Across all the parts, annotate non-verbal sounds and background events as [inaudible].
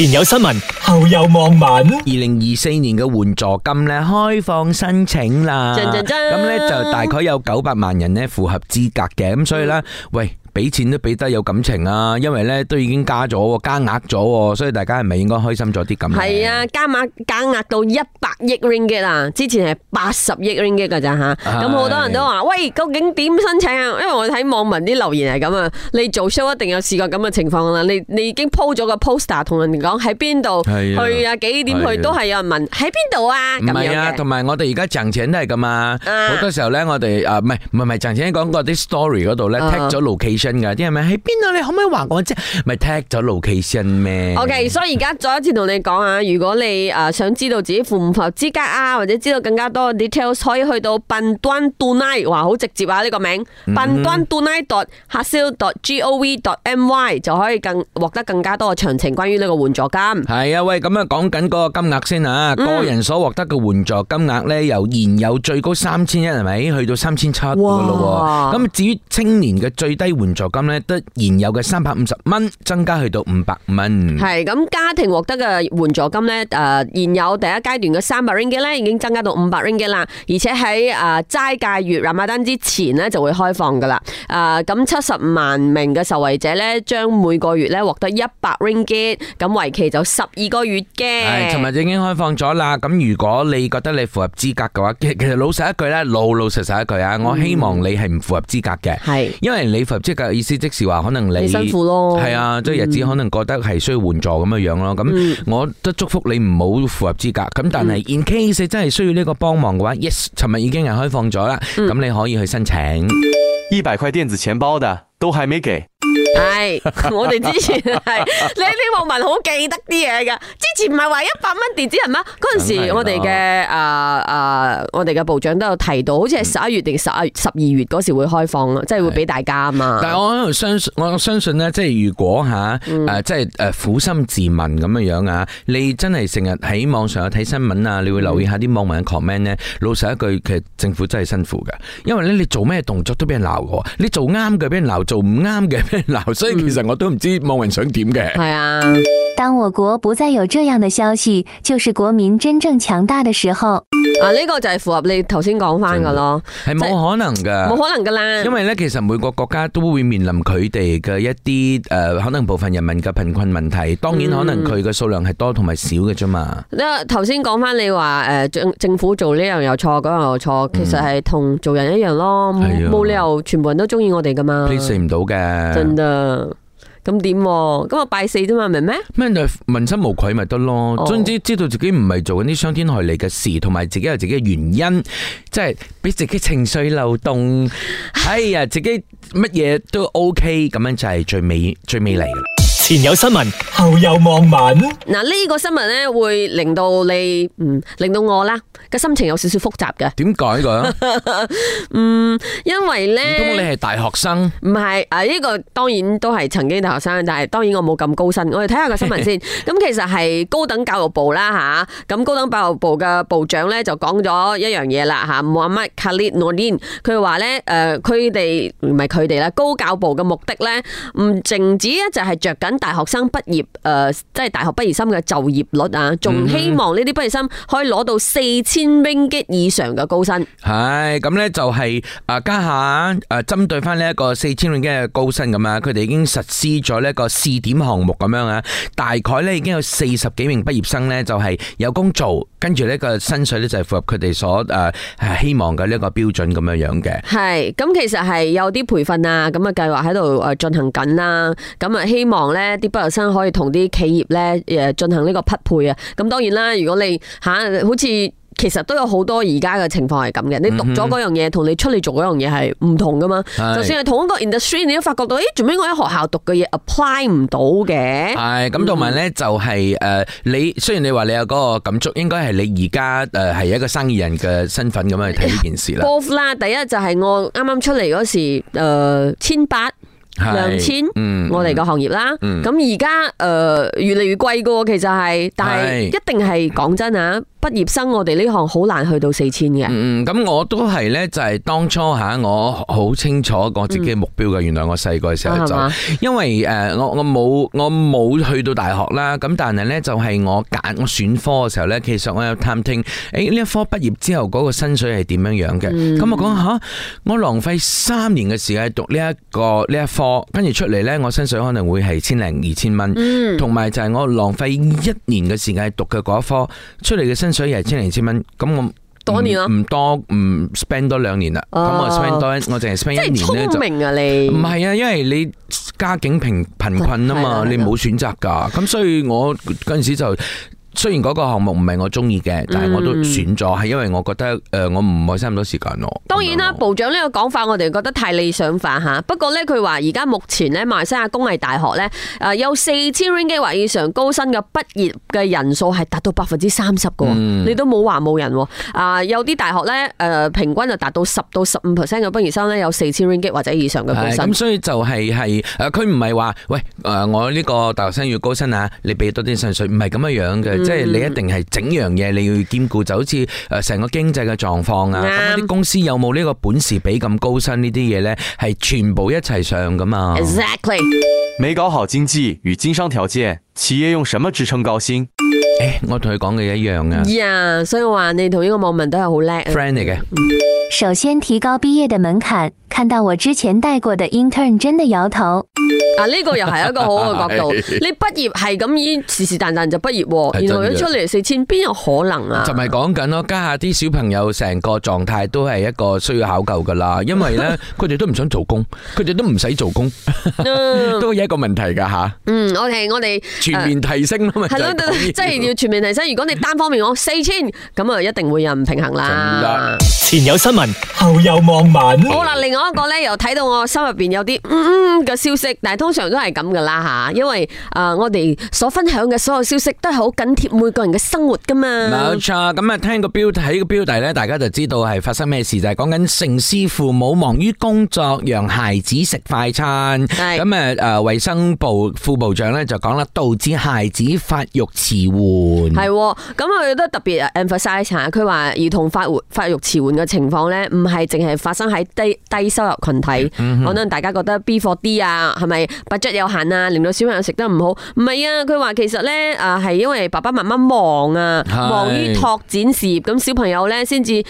前有新聞，後有網民。二零二四年嘅援助金咧開放申請啦，咁咧就大概有九百萬人咧符合資格嘅，咁所以咧，喂。俾錢都俾得有感情啊，因為咧都已經加咗加額咗，所以大家係咪應該開心咗啲咁？係啊，加碼加額到一百億 ringgit 啊！之前係八十億 ringgit 噶咋吓，咁好多人都話喂，究竟點申請啊？因為我睇網民啲留言係咁啊，你做 show 一定有試過咁嘅情況啦。你你已經 po 咗個 poster 同人哋講喺邊度，去啊幾點去都係有人問喺邊度啊咁樣嘅。同埋我哋而家賺錢都係咁啊，好多時候咧我哋啊唔係唔係唔係賺錢講過啲 story 嗰度咧 take 咗 location。真噶啲係咩？喺邊度？你可唔可以話我知？咪 take 咗 location 咩？O K，所以而家再一次同你講下，如果你誒想知道自己符唔符合資格啊，或者知道更加多 details，可以去到 Bantuan Tunai，哇，好直接啊！呢個名 Bantuan Tunai dot hasil dot G O V dot M Y 就可以更獲得更加多嘅詳情關於呢個援助金。係啊，喂，咁啊講緊嗰個金額先啊，個人所獲得嘅援助金額咧，由現有最高三千一係咪，去到三千七噶咯喎。咁至於青年嘅最低援援助金咧，得現有嘅三百五十蚊，增加去到五百蚊。係咁，家庭獲得嘅援助金咧，誒，現有第一階段嘅三百 ringgit 咧，已經增加到五百 ringgit 啦。而且喺誒齋戒月阿瑪登之前呢，就會開放噶啦。誒、呃，咁七十萬名嘅受惠者咧，將每個月咧獲得一百 ringgit，咁為期就十二個月嘅。係，尋日已經開放咗啦。咁如果你覺得你符合資格嘅話，其實老實一句咧，老老實實一句啊，我希望你係唔符合資格嘅。係，嗯、因為你符合資格。是意思，即是話可能你辛苦咯、嗯，係啊，即、就、係、是、日子可能覺得係需要援助咁樣樣咯。咁我都祝福你唔好符合資格。咁但係 in case 真係需要呢個幫忙嘅話，yes，尋日已經係開放咗啦。咁你可以去申請一百塊電子錢包的，都還未給。係，我哋之前係 [laughs] 你啲網民好記得啲嘢噶，之前唔係話一百蚊電子人咩？嗰陣時我哋嘅誒誒，我哋嘅部長都有提到，好似係十一月定十二十二月嗰時會開放咯，嗯、即係會俾大家啊嘛。但係我相我相信呢，即係如果吓誒、啊，即係誒，苦心自問咁樣樣啊，嗯、你真係成日喺網上有睇新聞啊，你會留意下啲網民嘅 comment 呢，老實一句，其實政府真係辛苦噶，因為咧你做咩動作都俾人鬧，你做啱嘅俾人鬧，做唔啱嘅。嗱， [laughs] 所以其實我都唔知網民想點嘅，嗯。係啊，當我國不再有這樣嘅消息，就是國民真正強大的時候。啊、呢，這個就係符合你頭先講翻噶咯。係冇可能噶，冇可能噶啦。因為咧，其實每個國家都會面臨佢哋嘅一啲誒，呃，可能部分人民嘅貧困問題。當然可能佢嘅數量係多同埋少嘅啫嘛。咧頭先講翻你話誒，政，呃、政府做呢樣又錯，嗰樣又錯，其實係同做人一樣咯。冇，嗯、理由全部人都中意我哋噶嘛。please 唔到嘅。咁點？咁我拜四啫嘛，明咩？咩就問心無愧咪得咯。Oh. 總之知道自己唔係做緊啲傷天害理嘅事，同埋自己有自己嘅原因，即係俾自己情緒漏洞。 [laughs] 哎呀，自己乜嘢都 OK，咁樣就係最美最美麗嘅。前有新聞，後有網民。嗱，呢個新聞咧會令到你，嗯，令到我啦嘅心情有少少複雜嘅。點解嘅？嗯，因為咧，你係大學生，唔係啊？呢個當然都係曾經大學生，但係當然我冇咁高薪。我哋睇下個新聞先。咁其實係高等教育部啦，吓咁高等教育部嘅部長咧就講咗一樣嘢啦，吓冇話乜 Khaled Nordin，佢話咧誒，佢哋唔係佢哋啦，高教部嘅目的咧唔淨止咧就係着緊。大學生畢業誒，即係大學畢業生嘅就業率啊，仲希望呢啲畢業生可以攞到四千蚊級以上嘅高薪。係咁咧，就係誒家下誒，針對翻呢一個四千蚊級嘅高薪咁啊，佢哋已經實施咗呢一個試點項目咁樣啊，大概咧已經有四十幾名畢業生咧，就係有工做，跟住呢個薪水咧就係符合佢哋所誒係希望嘅呢一個標準咁樣樣嘅。係咁，其實係有啲培訓啊，咁啊計劃喺度誒進行緊啦，咁啊希望咧。咧啲畢業生可以同啲企業咧誒進行呢個匹配啊，咁當然啦，如果你吓好似其實都有好多而家嘅情況係咁嘅，你讀咗嗰樣嘢同你出嚟做嗰樣嘢係唔同噶嘛，嗯、哼就算係同一個 industry，你都發覺到咦，做咩我喺學校讀嘅嘢 apply 唔到嘅？係咁、嗯，同埋咧就係、是、誒、呃，你雖然你話你有嗰個感觸，應該係你而家誒係一個生意人嘅身份咁樣去睇呢件事啦。冇啦，第一就係我啱啱出嚟嗰時誒千八。呃 1, 兩千，我哋個行業啦，咁而家誒越嚟越貴噶喎，其實係，但係一定係講真吓，畢業生我哋呢行好難去到四千嘅。嗯嗯，咁我都係咧，就係當初吓我好清楚我自己嘅目標嘅。原來我細個嘅時候就，因為誒我我冇我冇去到大學啦，咁但係咧就係我揀我選科嘅時候咧，其實我有探聽，誒呢一科畢業之後嗰個薪水係點樣樣嘅。咁我講吓，我浪費三年嘅時間讀呢一個呢一科。跟住出嚟呢，我薪水可能會係千零二千蚊，同埋、嗯、就係我浪費一年嘅時間讀嘅嗰一科，出嚟嘅薪水又係千零二千蚊。咁我多年唔多唔 spend 多兩年啦。咁、哦、我 spend 多，我淨係 spend、啊、一年呢，就。聰明啊你！唔係啊，因為你家境貧貧困啊嘛，你冇選擇噶。咁的所以我嗰陣時就。雖然嗰個項目唔係我中意嘅，但係我都選咗，係、嗯、因為我覺得誒、呃，我唔會花咁多時間咯。當然啦，這部長呢個講法我哋覺得太理想化吓。不過咧，佢話而家目前咧，馬來西亞工藝大學咧，誒、呃、有四千 ringgit 或以上高薪嘅畢業嘅人數係達到百分之三十嘅，的嗯、你都冇話冇人、哦。啊、呃，有啲大學咧，誒、呃、平均就達到十到十五 percent 嘅畢業生咧，有四千 ringgit 或者以上嘅高薪。咁、嗯嗯、所以就係係誒，佢唔係話喂誒、呃，我呢個大學生要高薪啊，你俾多啲薪水，唔係咁樣樣嘅。即係你一定係整樣嘢，你要兼顧，就好似誒成個經濟嘅狀況啊。咁啲、mm hmm. 公司有冇呢個本事俾咁高薪呢啲嘢咧？係全部一齊上噶嘛？Exactly。沒搞好經濟與經商條件，企業用什麼支撐高薪？誒、欸，我同佢講嘅一樣啊。呀，yeah, 所以話你同呢個網民都係好叻。Friend 嚟嘅。Mm hmm. 首先，提高畢業嘅門檻。看到我之前帶過的 intern 真的搖頭啊！呢、這個又係一個好嘅角度。 [laughs] 你畢業係咁依是是但但就畢業，然後出嚟四千，邊有可能啊？就咪講緊咯，家下啲小朋友成個狀態都係一個需要考究噶啦。因為咧，佢哋 [laughs] 都唔想做工，佢哋都唔使做工， [laughs] 嗯、都一個問題噶吓。啊、嗯，okay, 我哋我哋全面提升嘛？係咯、呃，即係、就是、要全面提升。 [laughs] 如果你單方面我四千，咁啊一定會有唔平衡啦。 [laughs] 前有新聞，後有網民。好啦，另外。嗰個咧又睇到我心入邊有啲嗯嗯嘅消息，但係通常都係咁噶啦吓，因為誒我哋所分享嘅所有消息都係好緊貼每個人嘅生活噶嘛。冇錯，咁啊聽個標題，呢個標題咧，大家就知道係發生咩事，就係講緊城市父母忙於工作，讓孩子食快餐。咁誒誒衛生部副部長咧就講啦，導致孩子發育遲緩。係，哦，咁啊都特別 emphasis 下，佢話兒童發活發育遲緩嘅情況咧，唔係淨係發生喺低低收入群體，可能大家覺得 B 貨啲啊，係咪 budget 有限啊，令到小朋友食得唔好？唔係啊，佢話其實咧，誒係因為爸爸媽媽忙啊，忙於拓展事業，咁的小朋友咧先至誒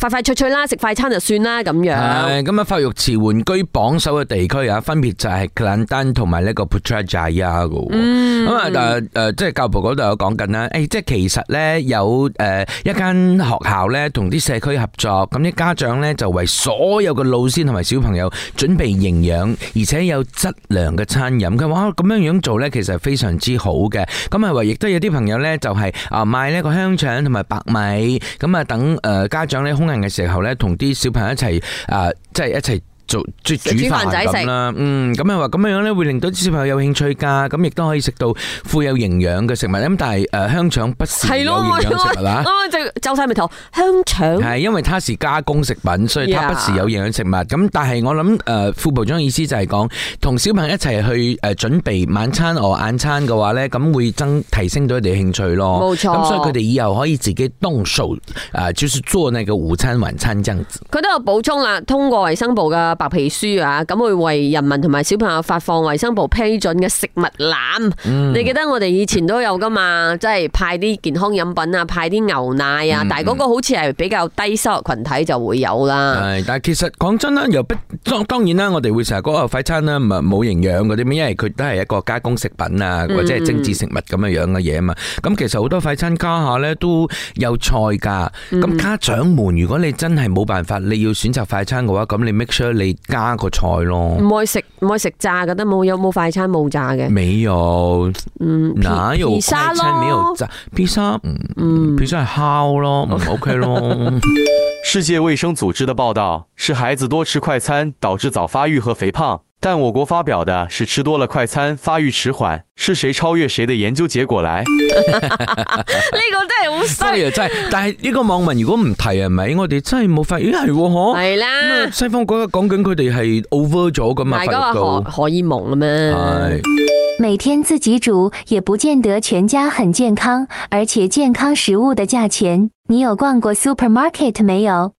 快快脆脆啦，食快餐就算啦咁樣。咁啊，發育遲緩居榜首嘅地區啊，分別就係克蘭丹同埋呢個 Putrajaya 嘅。咁啊誒誒，即、呃、係教部嗰度有講緊啦，誒即係其實咧有誒一間學校咧同啲社區合作，咁啲家長咧就為所有嘅老祖先同埋小朋友準備營養而且有質量嘅餐飲，嘅話咁樣樣做咧，其實係非常之好嘅。咁係話亦都有啲朋友咧，就係啊買呢個香腸同埋白米，咁啊等誒家長咧空閒嘅時候咧，同啲小朋友一齊啊，即係一齊。做即煮飯仔食啦，嗯，咁又話咁樣樣咧，會令到啲小朋友有興趣噶，咁亦都可以食到富有營養嘅食物。咁但係誒香腸不係有營養食物啦，啊就皺晒眉頭，香腸係因為它是加工食品，所以它不時有營養食物。咁 Yeah. 但係我諗誒，副部長嘅意思就係講，同小朋友一齊去誒準備晚餐或晚餐嘅話咧，咁會增提升到佢哋興趣咯。冇錯錯，咁所以佢哋以後可以自己動手啊，就是做那個午餐晚餐這樣子。佢都有補充啦，通過衛生部嘅。白皮書啊，咁會為人民同埋小朋友發放衛生部批准嘅食物籃。你記得我哋以前都有噶嘛，即係派啲健康飲品啊，派啲牛奶啊。但係嗰個好似係比較低收入群體就會有啦。係，但係其實講真啦，又不當當然啦，我哋會成日嗰個快餐啦，唔係冇營養嗰啲，因為佢都係一個加工食品啊，或者係精致食物咁樣樣嘅嘢啊嘛。咁其實好多快餐家下咧都有菜噶。咁家長們，如果你真係冇辦法，你要選擇快餐嘅話，咁你 make sure 你。加個菜咯，唔會食唔會食炸嘅，得冇有冇快餐冇炸嘅，沒有，嗯，哪有快餐，沒有炸 pizza 嗯，pizza 係烤咯、嗯、okay，OK 咯。世界衛生組織的報道是孩子多吃快餐導致早發育和肥胖。但我國發表的是吃多了快餐發育遲緩，是誰超越誰的研究結果來？ [laughs] 這個真係唔信。真係，但係呢個網民如果唔提是不是，係咪我哋真係冇發現？咦，係喎，嗬、啊，係啦的。西方國家講緊佢哋係 over 咗咁嘛，發育可可以望啦嘛。每天自己煮也不見得全家很健康，而且健康食物的價錢，你有逛過 supermarket 沒有？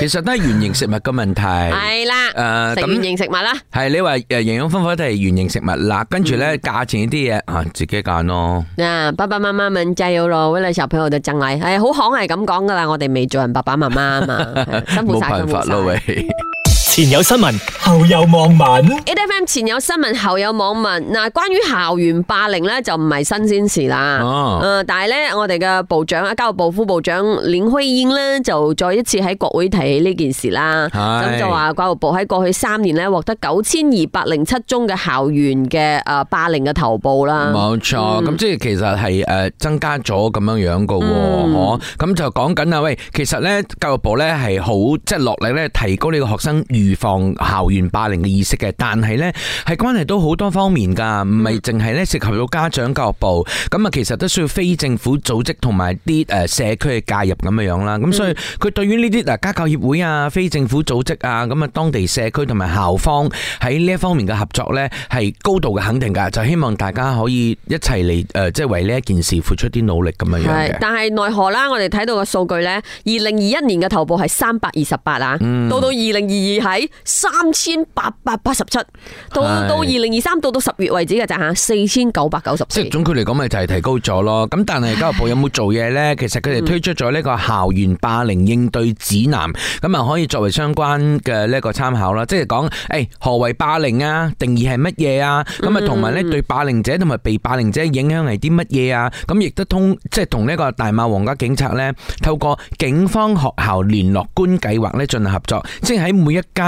其實都係圓形食物嘅問題。係啦、 [laughs] 嗯，誒，食圓形食物啦，係你話誒，營養豐富都係圓形食物啦。跟住咧，價、嗯、錢呢啲嘢啊，自己揀咯。啊，yeah, 爸爸媽媽哋加油囉，為咗小朋友嘅將來。誒、哎，好行係咁講噶啦，我哋未做人爸爸媽媽啊嘛，冇 [laughs] 辦法咯喂。 [laughs] 前有新聞，後有網民。Ai FM 前有新聞，後有網民。嗱，關於校園霸凌咧，就唔係新鮮事啦。誒，但係咧，我哋嘅部長啊，教育部副部長林慧英咧，就再一次喺國會提起呢件事啦。咁是就話，教育部喺過去三年咧，獲得九千二百零七宗嘅校園嘅誒霸凌嘅投報啦。冇錯錯，咁、嗯、即係其實係誒增加咗咁樣樣噶喎，嗬、嗯嗯。咁就講緊啊，喂，其實咧，教育部咧係好即係落力咧，提高呢個學生。預防校園霸凌嘅意識嘅，但係呢係關係到好多方面噶，唔係淨係呢，涉及到家長、教育部，咁啊、嗯嗯、其實都需要非政府組織同埋啲誒社區嘅介入咁樣樣啦。咁所以佢對於呢啲家教協會啊、非政府組織啊，咁啊當地社區同埋校方喺呢一方面嘅合作呢係高度嘅肯定噶，就希望大家可以一齊嚟，誒，即、呃、係為呢一件事付出啲努力咁樣樣。但係奈何啦，我哋睇到嘅數據呢，二零二一年嘅頭部係三百二十八啊，嗯、到到二零二二係。喺三千八百八十七，3, 7, 到到二零二三，到到十月為止嘅就吓，四千九百九十四。即係總括嚟講，咪就係提高咗咯。咁但係教育部有冇做嘢咧？ [laughs] 其實佢哋推出咗呢個校園霸凌應對指南，咁啊 [laughs] 可以作為相關嘅呢個參考啦。即係講誒，何為霸凌啊？定義係乜嘢啊？咁啊同埋咧，對霸凌者同埋被霸凌者影響係啲乜嘢啊？咁亦都通即係同呢個大馬皇家警察咧，透過警方學校聯絡官計劃咧進行合作，即係喺每一家。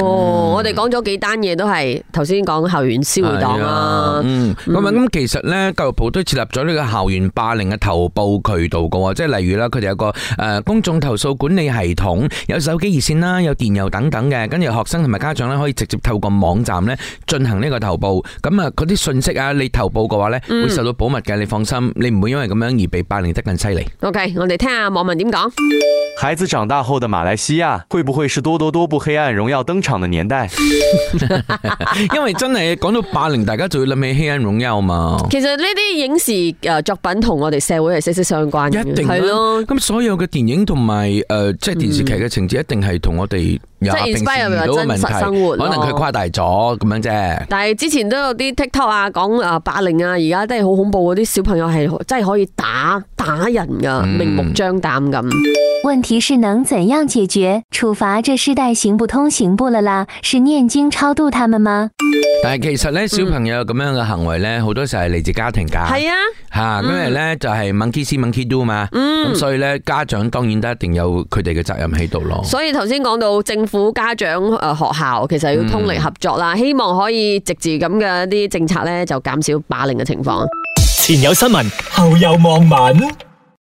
哦，oh, 嗯、我哋講咗幾單嘢都係頭先講校園私會黨啦。嗯，咁啊、嗯，咁其實呢，教育部都設立咗呢個校園霸凌嘅投報渠道噶喎，即係例如啦，佢哋有個誒公眾投訴管理系統，有手機熱線啦，有電郵等等嘅。跟住學生同埋家長呢，可以直接透過網站呢進行呢個投報。咁啊，嗰啲信息啊，你投報嘅話呢，會受到保密嘅，嗯、你放心，你唔會因為咁樣而被霸凌得更犀利。OK，我哋聽下網民點講。孩子長大後的馬來西亞，會不會是多多多部黑暗？榮耀登場嘅年代， [laughs] 因為真係講到霸凌，大家就會諗起,起《黑暗榮耀》嘛。其實呢啲影視誒作品同我哋社會係息息相關嘅，係、啊、咯。咁所有嘅電影同埋誒即係電視劇嘅情節，一定係同我哋即係 inspire 生活。可能佢誇大咗咁樣啫。但係之前都有啲 TikTok 啊，講誒霸凌啊，而家都係好恐怖，嗰啲小朋友係真係可以打打人噶、啊，明目張膽咁。嗯、問題是能怎樣解決處罰？這世代行不通。行不了啦，是念經超度他們嗎？但係其實咧，小朋友咁樣嘅行為咧，好多時係嚟自家庭噶。係啊，吓、啊，因為咧就係 monkey see monkey do 嘛。嗯，咁、嗯、所以咧家長當然都一定有佢哋嘅責任喺度咯。所以頭先講到政府、家長、誒、呃、學校，其實要通力合作啦，嗯、希望可以直接咁嘅一啲政策咧，就減少霸凌嘅情況。前有新聞，後有網民。